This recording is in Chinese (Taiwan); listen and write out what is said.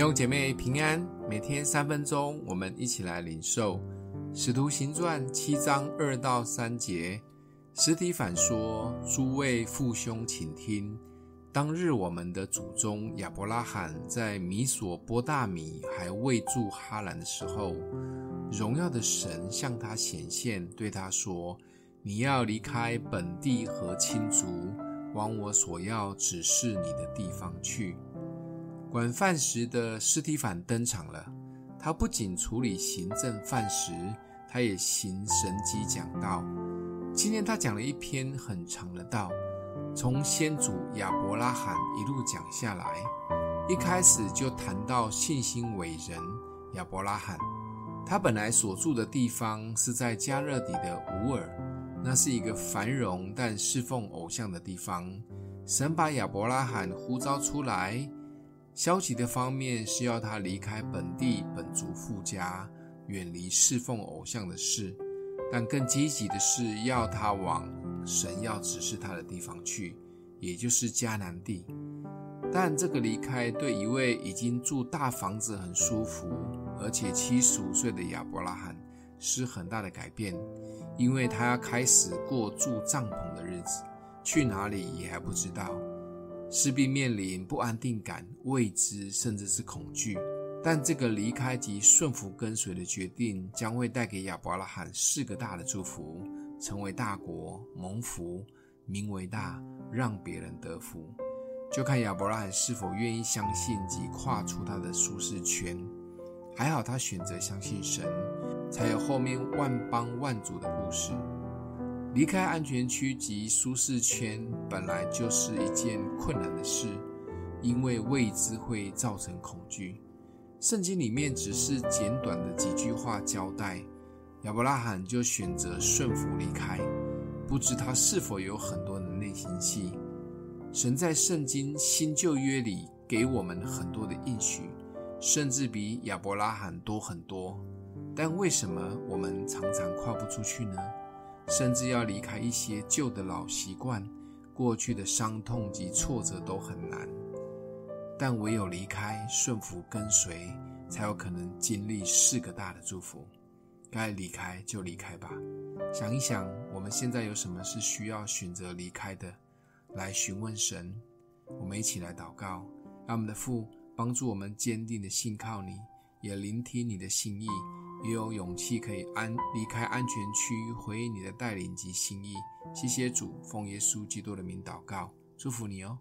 弟兄姐妹平安，每天三分鐘，我們一起來領受《使徒行傳》七章二到三節。司提反說：“諸位父兄，請聽，當日我們的祖宗亞伯拉罕在米所波大米還未住哈蘭的時候，榮耀的神向他顯現，對他說：‘你要離開本地和親族，往我所要指示你的地方去。’”管飯食的司提反登場了。他不僅處理行政、飯食，他也行神蹟講道。今天他講了一篇很長的道，從先祖亞伯拉罕一路講下來。一開始就談到信心偉人亞伯拉罕。他本來所住的地方是在迦勒底的吾珥，那是一個繁榮但侍奉偶像的地方。神把亞伯拉罕呼召出來。消極的方面是要他離開本地本族父家，遠離侍奉偶像的事；但更積極的是要他往神要指示他的地方去，也就是迦南地。但這個離開對一位已經住大房子很舒服，而且七十五歲的亞伯拉罕是很大的改變，因為他要開始過住帳篷的日子，去哪裡也還不知道。勢必面臨不安定感、未知，甚至是恐懼。但這個離開及順服跟隨的決定，將會帶給亞伯拉罕四個大的祝福：成為大國、蒙福、名為大、讓別人得福。就看亞伯拉罕是否願意相信及跨出他的舒適圈。還好，他選擇相信神，才有後面萬邦萬族的故事。離開安全區及舒適圈本來就是一件困難的事，因為未知會造成恐懼。聖經裡面只是簡短的幾句話交代，亞伯拉罕就選擇順服離開，不知他是否有很多的內心戲。神在聖經新舊約裡給我們很多的應許，甚至比亞伯拉罕多很多，但為什麼我們常常跨不出去呢？甚至要離開一些舊的老習慣、過去的傷痛及挫折都很難，但唯有離開、順服跟隨，才有可能經歷四個大的祝福。該離開就離開吧。想一想，我們現在有什麼是需要選擇離開的？來詢問神，我們一起來禱告，讓我們的父幫助我們堅定的信靠你，也聆聽你的心意。也有勇氣可以安離開安全區，回應你的帶領及心意。謝謝主，奉耶穌基督的名禱告，祝福你哦。